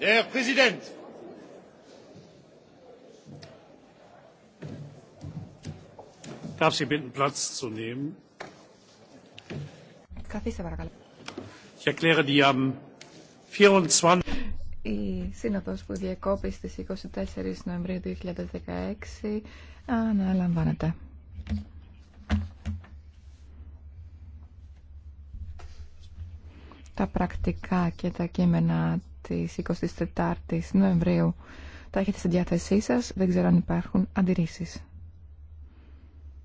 Herr Präsident! Darf Sie bitten, Platz zu nehmen? Ich erkläre die am 24. Η σύνοδος που διακόπη στις 24 Νοεμβρίου 2016 αναλαμβάνεται. τα πρακτικά και τα κείμενα της 24 η Νοεμβρίου. Τα έχετε στη διάθεσή σας, δεν ξέρω αν υπάρχουν αντιρρήσει.